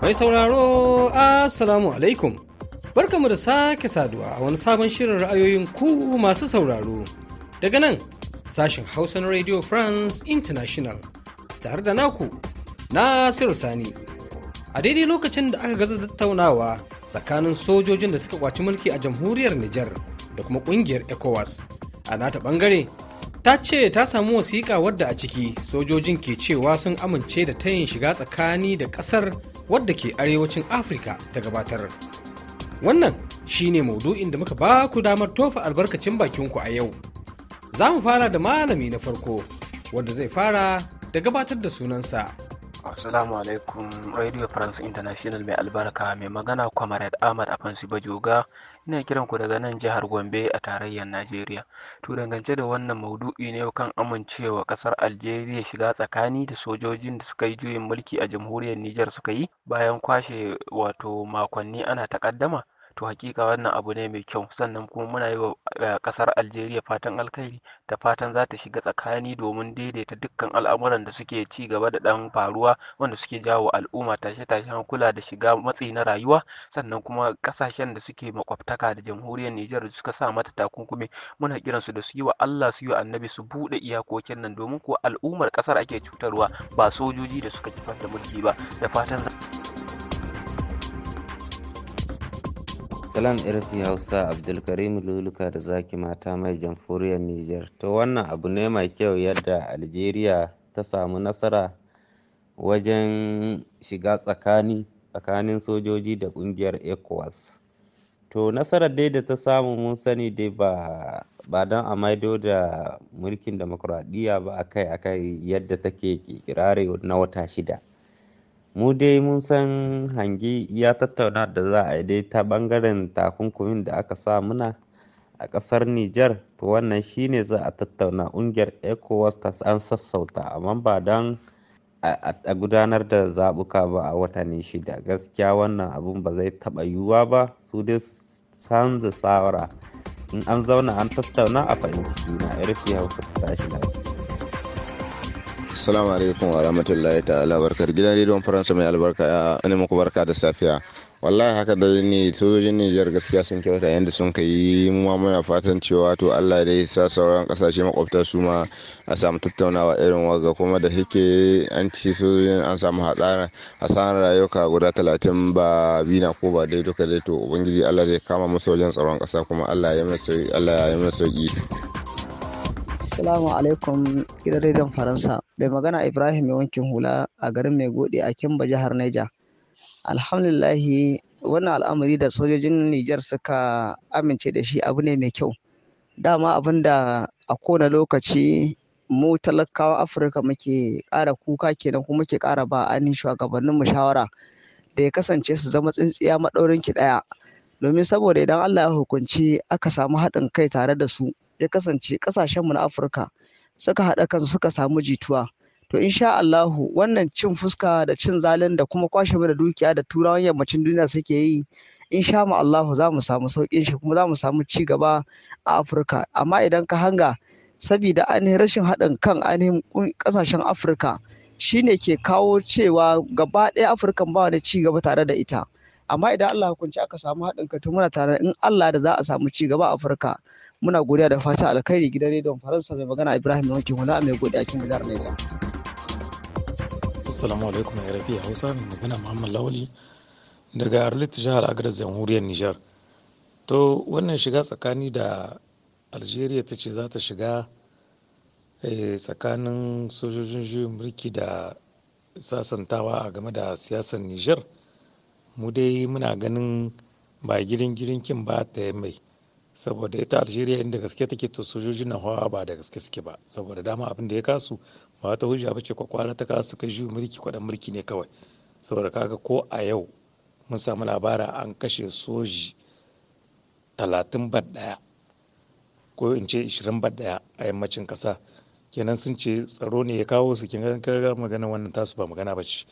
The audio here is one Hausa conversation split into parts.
Mai sauraro Assalamu alaikum. Barkamu da sake saduwa a wani sabon shirin ra'ayoyin ku masu sauraro. Daga nan sashen Hausa na Radio France International tare da naku Nasiru Sani. A daidai lokacin da aka gaza tattaunawa tsakanin sojojin da suka kwaci mulki a jamhuriyar Nijar da kuma kungiyar ECOWAS. A nata ɓangare. ta ce ta samu wasiƙa wadda a ciki sojojin ke cewa sun amince da ta yin shiga tsakani da ƙasar wadda ke arewacin afirka ta gabatar wannan shine maudu'in da muka ba ku damar tofa albarkacin bakinku a yau za mu fara da malami na farko wadda zai fara da gabatar da sunansa Assalamu alaikum Radio France International mai albarka mai magana Comrade Ahmad Afansu Bajoga ina kiran ku daga nan jihar Gombe a tarayyar Najeriya. To dangance da wannan maudu'i ne kan amincewa ƙasar Algeria shiga tsakani da sojojin da suka yi juyin mulki a jamhuriyar Nijar suka yi bayan kwashe wato makonni ana takaddama to hakika wannan abu ne mai kyau sannan kuma muna yi wa kasar eh, algeria fatan alkhairi da fatan za ta shiga tsakani domin daidaita dukkan al'amuran da suke ci gaba da ɗan faruwa wanda suke jawo al'umma tashe-tashen kula da shiga matsi na rayuwa sannan kuma kasashen da suke makwabtaka da jamhuriyar nijar da suka sa mata takunkumi muna kiransu da su yi wa allah su yi annabi su buɗe iyakokin nan domin kuwa al'ummar kasar ake cutarwa ba sojoji da suka kifar da mulki ba da fatan za. salam irfi hausa abdulkarim luluka da zaki mata mai jamhuriyar niger to wannan abu ne mai kyau yadda algeria ta samu nasara wajen shiga tsakani tsakanin sojoji da kungiyar ecowas to nasarar dai da ta samu mun sani dai ba ba don a maido da mulkin demokuraɗiyya ba akai kai yadda take kirare na wata shida mu dai mun san hangi ya tattauna da za a yi dai ta ɓangaren takunkumin da aka sa muna a ƙasar nijar to wannan shine za a tattauna ƙungiyar ecowas ta an sassauta amma ba don a gudanar da zaɓuka ba a watanni shida gaskiya wannan abun ba zai taɓa yiwuwa ba su dai san da tsawara in an zauna an tattauna a fahimci juna ya rufe hausa ta tashi lafiya Assalamu alaikum wa rahmatullahi ta'ala barkar gidan rediyon Faransa mai albarka ya ne muku barka da safiya. wallahi haka da ne sojojin Nijar gaskiya sun kyauta yadda sun ka yi ma muna fatan cewa to Allah da ya sa sauran kasashe makwabta su ma a samu tattaunawa irin waga kuma da hike an ci sojojin an samu hatsara hasarar rayuka guda talatin ba bina ko ba dai duka dai to ubangiji Allah zai kama musu wajen tsaron kasa kuma Allah ya yi sauki sauki Assalamu alaikum gidan rediyon Faransa. Bai magana Ibrahim mai wankin hula a garin mai gode a Kimba jihar Niger. Alhamdulillah wannan al'amari da sojojin Niger suka amince da shi abu ne mai kyau. Dama abin da a kowane lokaci mu talakawa Afirka muke ƙara kuka kenan kuma muke kara ba ainihin shugabannin mu shawara da ya kasance su zama tsintsiya maɗaurin ki ɗaya. Domin saboda idan Allah ya hukunci aka samu haɗin kai tare da su ya kasance mu na Afirka suka haɗa kansu suka samu jituwa to insha Allahu wannan cin fuska da cin zalin da kuma kwashe mu da dukiya da turawan yammacin duniya suke yi insha mu Allahu za mu samu sauƙin shi kuma za mu samu ci gaba a Afirka amma idan ka hanga sabida ainihin rashin haɗin kan ainihin ƙasashen Afirka shine ke kawo cewa gaba ɗaya Afirkan ba wani ci gaba tare da ita amma idan Allah hukunci aka samu haɗin kai to muna tare in Allah da za a samu ci gaba a Afirka muna godiya da fata alkhairi gidan rediyon faransa mai magana ibrahim yankin hula mai godiya kin jihar niger assalamu alaikum ya rafi hausa mai magana muhammad lawali daga arlit jihar agra jamhuriyar nijar to wannan shiga tsakani da algeria ta ce za ta shiga eh, tsakanin sojojin juyin mulki da sasantawa a game da siyasar nijar mu dai muna ganin ba girin girin kin ba ta mai saboda ita algeria inda gaske take to sojojin na hawa ba da gaske suke ba saboda dama abin da ya kasu ba ta hujja ba ce kwakwara ta kasu kai juyin mulki kwadan mulki ne kawai saboda kaga ko a yau mun samu labara an kashe soji talatin bar daya ko in ce ishirin bar daya a yammacin kasa kenan sun ce tsaro ne ya kawo su kin ga magana wannan tasu ba magana ba ce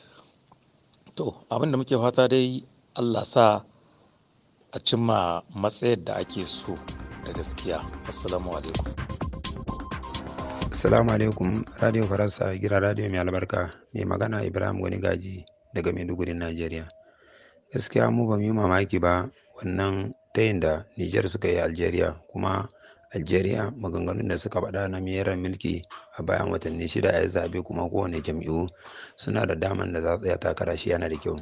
to abin da muke fata dai allah sa a cimma matsayar da ake so da gaskiya assalamu alaikum assalamu alaikum radio faransa gira radio mai albarka mai magana ibrahim wani gaji daga maiduguri najeriya gaskiya mu ba mu yi mamaki ba wannan tayin da niger suka yi algeria kuma algeria maganganun da suka faɗa na miyarar milki a bayan watanni shida a zabe kuma kowane jam'iyyu suna da daman da za su tsaya takara shi yana da kyau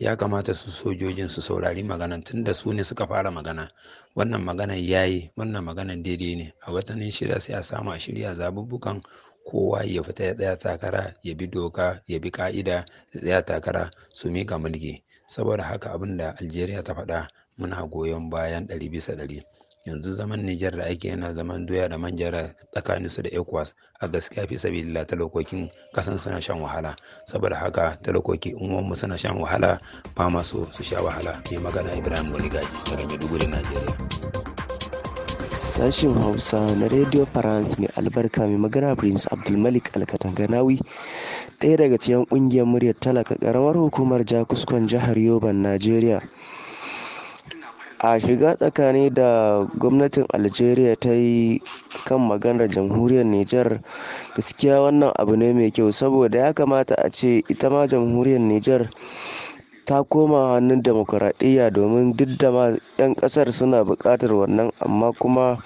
ya kamata su sojojin su saurari maganan tun da su ne suka fara magana wannan maganan yi wannan maganan daidai ne a watannin shirya sai a samu a shirya zabubbukan kowa ya fita ya tsaya takara ya bi doka ya bi ka'ida ya tsaya takara su mika mulki saboda haka abin da algeria ta faɗa muna goyon bayan ɗari bisa ɗari yanzu zaman Nijar da ake yana zaman doya da manjara tsakanin su da ECOWAS a gaskiya fi sabila talakokin kasan suna shan wahala saboda haka talakoki mu suna shan wahala ba masu su sha wahala mai magana Ibrahim boligaji daga Maiduguri Najeriya. sashin Hausa na Radio France mai albarka mai magana Prince Abdulmalik Alkatanganawi ɗaya daga cikin ƙungiyar muryar talaka ƙaramar hukumar Jakuskon jihar Yoban Najeriya. a shiga tsakani da gwamnatin algeria ta yi kan maganar jamhuriyar niger gaskiya wannan abu ne mai kyau saboda ya kamata a ce ita ma jamhuriyar niger ta koma hannun demokuraɗiyya domin duk da ma 'yan ƙasar suna buƙatar wannan amma kuma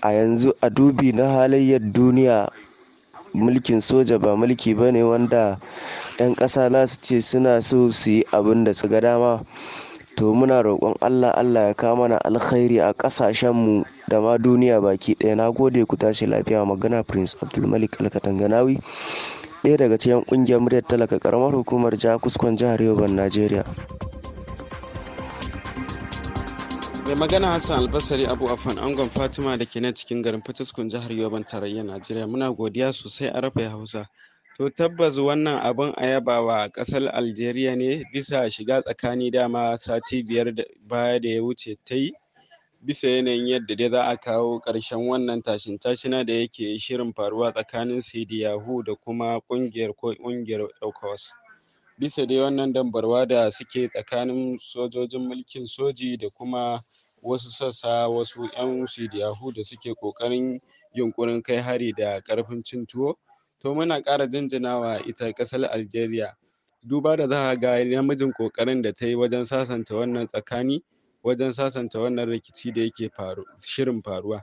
a yanzu a dubi na halayyar duniya mulkin soja ba mulki ba ne wanda 'yan ƙasa za su ce suna so su yi abin da su ga dama to muna roƙon Allah Allah ya kawo mana alkhairi a ƙasashenmu da ma duniya baki ɗaya na gode ku tashi lafiya magana prince abdulmalik alkatanganawi ɗaya daga cikin ƙungiyar muryar talaka ƙaramar hukumar jihar kuskon jihar yoban najeriya mai magana hassan albasari abu afan angon fatima da ke nan cikin garin fataskun jihar yoban tarayyar najeriya muna godiya sosai a rafa hausa To tabbas wannan abin a yabawa ƙasar Aljeriya ne bisa shiga tsakani dama sati biyar baya da ya wuce ta yi bisa yanayin yadda dai za a kawo ƙarshen wannan tashin tashina da yake shirin faruwa tsakanin Yahu da kuma ƙungiyar ko ƙungiyar ECOWAS. Bisa dai wannan dambarwa da suke tsakanin sojojin mulkin soji da kuma wasu sassa wasu 'yan Sidiyahu da suke ƙoƙarin yunƙurin kai hari da ƙarfin cin tuwo. to muna ƙara jinjinawa ita ƙasar Algeria, duba da za ka ga namijin ƙoƙarin da ta yi wajen sasanta wannan tsakani wajen sasanta wannan rikici da yake faru shirin faruwa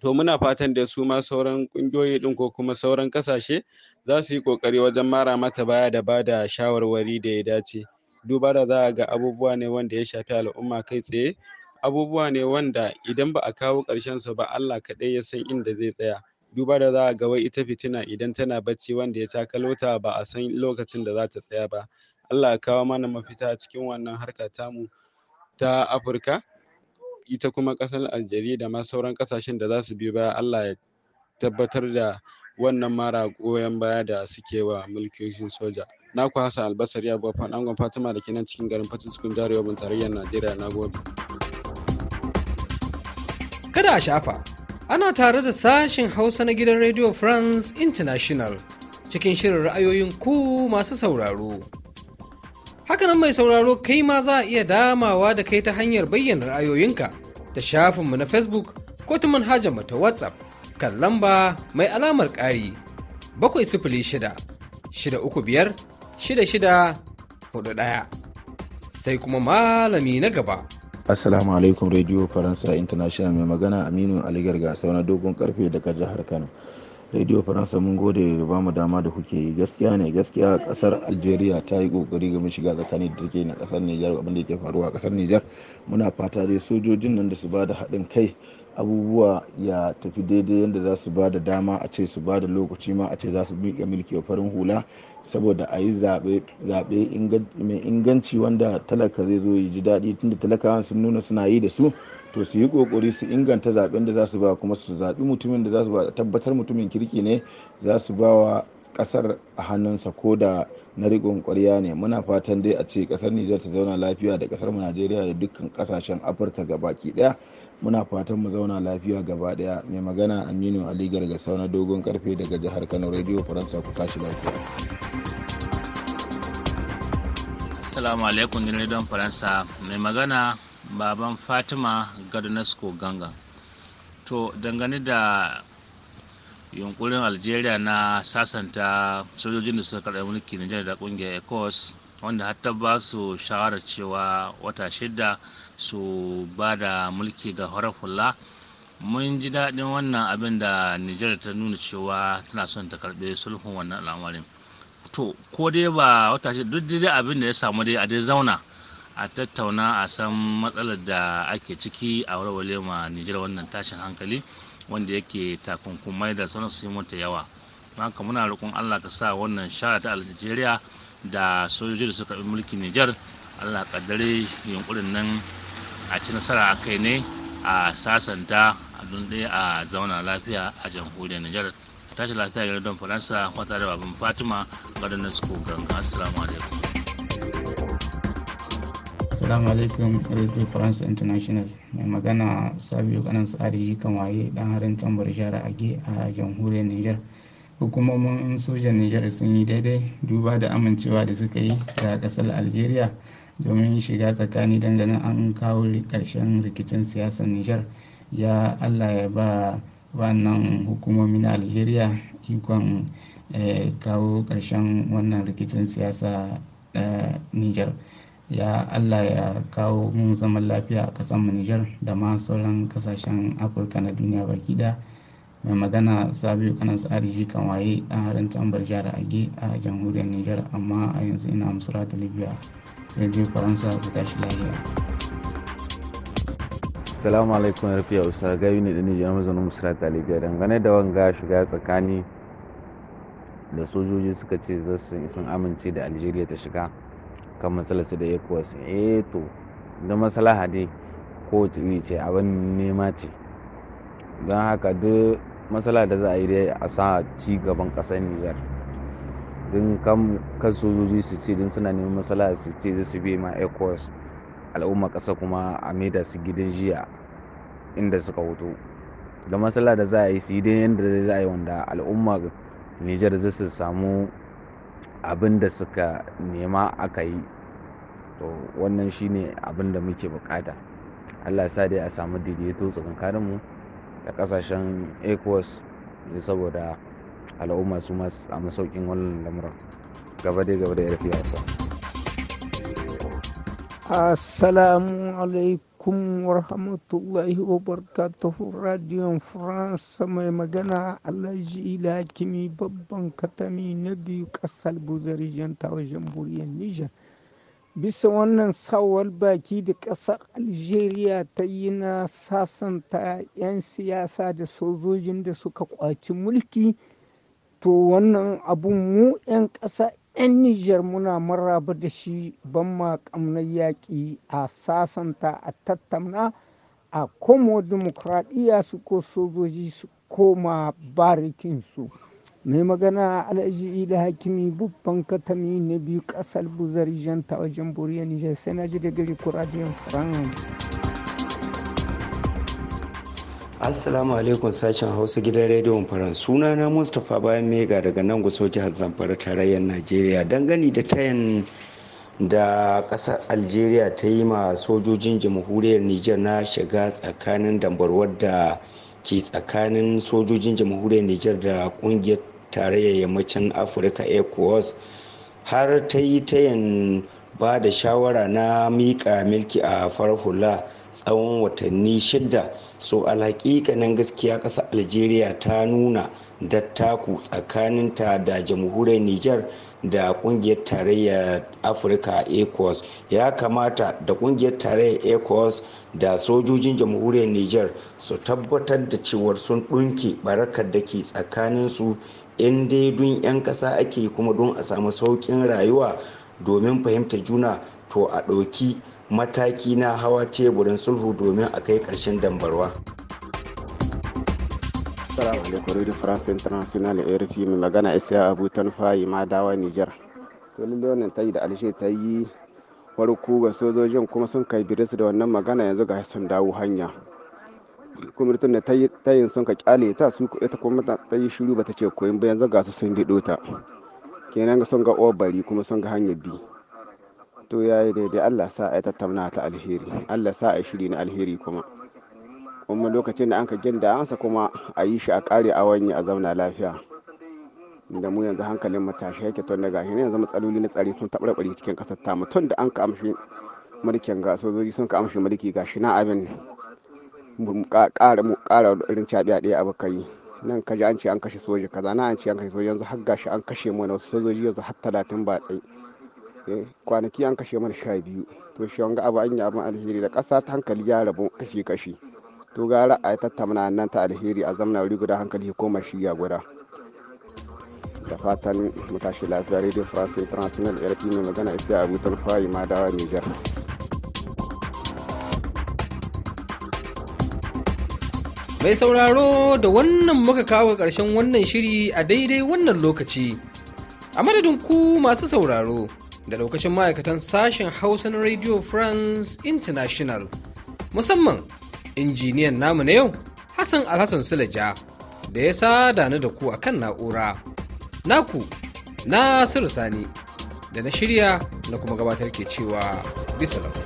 to muna fatan da su ma sauran ƙungiyoyi ɗin ko kuma sauran ƙasashe za su yi ƙoƙari wajen mara mata baya da ba da shawarwari da ya dace duba da za ga abubuwa ne wanda ya shafi al'umma kai tsaye abubuwa ne wanda idan ba a kawo ƙarshen su ba Allah kaɗai ya san inda zai tsaya duba da za a ga wai ita fitina idan tana bacci wanda ya cakalo ta ba a san lokacin da zata tsaya ba Allah ya kawo mana mafita cikin wannan harka tamu ta Afirka ita kuma ƙasar Aljeriya da ma sauran ƙasashen da zasu su biyo baya Allah ya tabbatar da wannan mara goyon baya da suke wa mulkin soja na ku Hassan Albasari Abubakar Angon Fatima da ke nan cikin garin cikin Jihar Yobe tarayyar Najeriya na gode kada a shafa Ana tare da sashen Hausa na gidan Radio France International cikin shirin ra'ayoyin ku masu sauraro. Hakanan mai sauraro kai ma za a iya damawa da kai ta hanyar bayyana ra'ayoyinka da shafinmu na Facebook ko ta manhajar mu ta WhatsApp kan lamba mai alamar ƙari bakwai sifili shida shida uku biyar shida shida hudu ɗaya sai kuma malami na gaba. Assalamu alaikum Radio Faransa International mai magana Aminu Aligar Gasau na dogon karfe daga jihar Kano. Radio Faransa mun gode da mu dama da kuke yi gaskiya ne gaskiya kasar Algeria ta yi kokari game shiga tsakanin da take na kasar Niger abin da ke faruwa a kasar Niger muna fata dai sojojin nan da su ba da haɗin kai abubuwa ya tafi daidai yadda za su ba da dama a ce su ba da lokaci ma a ce za su miƙa mulki a farin hula saboda a yi zaɓe mai inganci wanda talaka zai zo yi ji daɗi tunda talakawan sun nuna suna yi da su to su yi ƙoƙari su inganta zaɓen da za su ba kuma su zaɓi mutumin da za su ba tabbatar mutumin kirki ne za su ba wa kasar a hannunsa ko da na riƙon ƙwarya ne muna fatan dai a ce kasar nijar ta zauna lafiya da kasar mu najeriya da dukkan kasashen afirka gabaki daya muna fatan mu zauna lafiya gaba daya mai magana aminu ali gargasa na dogon karfe daga jihar kano radio faransa ku tashi lafiya assalamu alaikum din radio faransa mai magana baban fatima Gadonasco ganga to dangane da yunkurin algeria na sasanta sojojin da suka karɓi mulki nijar da ƙungiyar ecos wanda hatta ba su shawara cewa wata shida su ba da mulki ga horar mun ji daɗin wannan abin da nijar ta nuna cewa tana son ta karɓi sulhun wannan al'amarin to ko dai ba wata shida duk dai abin da ya samu dai a dai zauna a tattauna a san matsalar da ake ciki a warware ma nijar wannan tashin hankali wanda yake takunkumai da sanar su mata yawa haka muna roƙon allah ka sa wannan shara ta algeria da sojoji da suka bi mulkin niger allah kaddare yunkurin nan a ci nasara a kai ne a sasanta a dunde a zauna lafiya a jamhuriyar niger a tashi lafiya don faransa kwata da babin fatima gadon nasko ganga assalamu alaikum Assalamu alaikum Radio France International mai magana Sabiu Kanan Tsari Kamaye dan harin tambar jihar Age a jamhuriyar Niger. Hukumomin sojan Niger sun yi daidai duba da amincewa da suka yi ga kasar Algeria domin shiga tsakani dangane an kawo karshen rikicin siyasar Niger. Ya Allah ya ba wannan hukumomi na Algeria ikon eh, kawo karshen wannan rikicin siyasa eh, Niger. ya allah ya kawo mu zaman lafiya a ƙasarmu nijar da ma sauran ƙasashen afirka na duniya baki da mai magana sabiu kanan tsari shi kan waye ɗan harin tambar jihar age a jamhuriyar nijar amma a yanzu ina musura ta libya radio faransa ku tashi lafiya Assalamu alaikum yarfi Hausa gayu ne da Nijar musura ta libya dangane da wanga shiga tsakani da sojoji suka ce sun amince da Algeria ta shiga kan su da ecowas eh to da maslaha dai ko iri ce abin nema ce don haka duk matsala da za a yi dai a sa ci gaban ƙasar nijar din kan sojoji su ce din suna neman matsala su ce zai su biya ma ecowas al'umma ƙasa kuma a maida su gidan jiya inda suka hoto da matsala da za a yi su yi dai yadda za a yi wanda al'umma nijar zai su samu abin da suka nema aka yi to wannan shine abin da muke buƙata allah sa dai a samu daidaito tsakankanin mu da kasashen ecowas ne saboda al'umma su masu a masaukin wannan lamuran gaba dai gaba da yarfi wasa assalamu alaikum alaikum warahmatullahi wabarakatuh radio barakatuhu radiyon faransa mai magana alhaji ilakimi babban katami na biyu kasar buzarijan ta wajen buriyar nijar bisa wannan sawar baki da ƙasar algeria ta yi na sasanta 'yan siyasa da sojojin da suka kwaci mulki to wannan abun mu 'yan ƙasa 'Yan Nijar muna maraba da shi, ban ma yaƙi, a sasanta, a tattauna, a komo dimukuraɗiyya su ko sojoji su koma su Mai magana Alhaji Idi Hakimi babban katami na biyu ƙasar Buzar Jan ta wajen Jamhuriyar Nijar sai na ji daga gari ku France. Assalamu alaikum sashen Hausa gidan rediyon Faran suna na Mustapha bayan mega daga nan guso jihar Zamfara tarayyar Najeriya dangane da tayan da kasar Algeria ta yi ma sojojin jamhuriyar Nijar na shiga tsakanin dambarwar da ke tsakanin sojojin jamhuriyar Nijar da kungiyar tarayyar yammacin Afirka ECOWAS har ta yi tayan ba da shawara na miƙa milki a farar tsawon watanni shidda so alhaƙiƙanin gaskiya ƙasar algeria ta nuna dattaku tsakaninta da jamhuriyar niger da ƙungiyar tarayyar afirka ecos ya kamata da ƙungiyar tarayyar ecos da sojojin jamhuriyar niger su tabbatar da cewar sun ɗunke barakar da ke tsakaninsu in dai dun 'yan ƙasa ake kuma don a samu sauƙin rayuwa domin fahimta juna to a ɗauki mataki na hawa teburin sulhu domin a kai ƙarshen dambarwa. Assalamu alaikum Radio France International RFI mai magana Isa Abu Tanfayi ma dawa Niger. To lalle ta yi da Alshe ta yi farko ga sojojin kuma sun kai biris da wannan magana yanzu ga sun dawo hanya. Kwamitin da tayin sun ka kyale ta su ita kuma ta yi shiru bata ce koyin ba yanzu ga su sun biɗo ta. Kenan ga sun ga obari kuma sun ga hanyar bi. to ya yi daidai allah sa a yi tattauna ta alheri allah sa a yi shiri na alheri kuma kuma lokacin da an ka ginda ansa kuma a yi shi a kare a wani a zauna lafiya da mu yanzu hankalin matashi yake tun daga hini yanzu matsaloli na tsari sun taɓarɓare cikin ƙasar ta mutum da an ka amshi mulkin ga sojoji sun ka amshi mulki ga shi na abin ƙara irin caɓi a ɗaya abu kai nan ka ji an ce an kashe soja kaza na an ce an kashe soja yanzu har gashi an kashe mu na sojoji yanzu har talatin ba ɗai Eh, kwanaki an kashe mana sha biyu to shi wanga abu an yi alheri da kasa ta hankali ya rabu kashe kashi to gara a tattamna nan ta alheri a zamana wuri guda hankali ko shi ya guda da fatan mutashi lafiya radio france international rp mai magana isa abu fayi ma dawa niger Mai sauraro da wannan muka kawo karshen wannan shiri a daidai wannan lokaci. A madadin ku masu sauraro, da lokacin ma'aikatan sashen Hausa na Radio France International. Musamman injiniyan namu na yau Hassan Alhassan Sulaja da ya sada ni da ku a kan na'ura. Naku Nasiru Sani da na shirya na kuma gabatar ke cewa bisa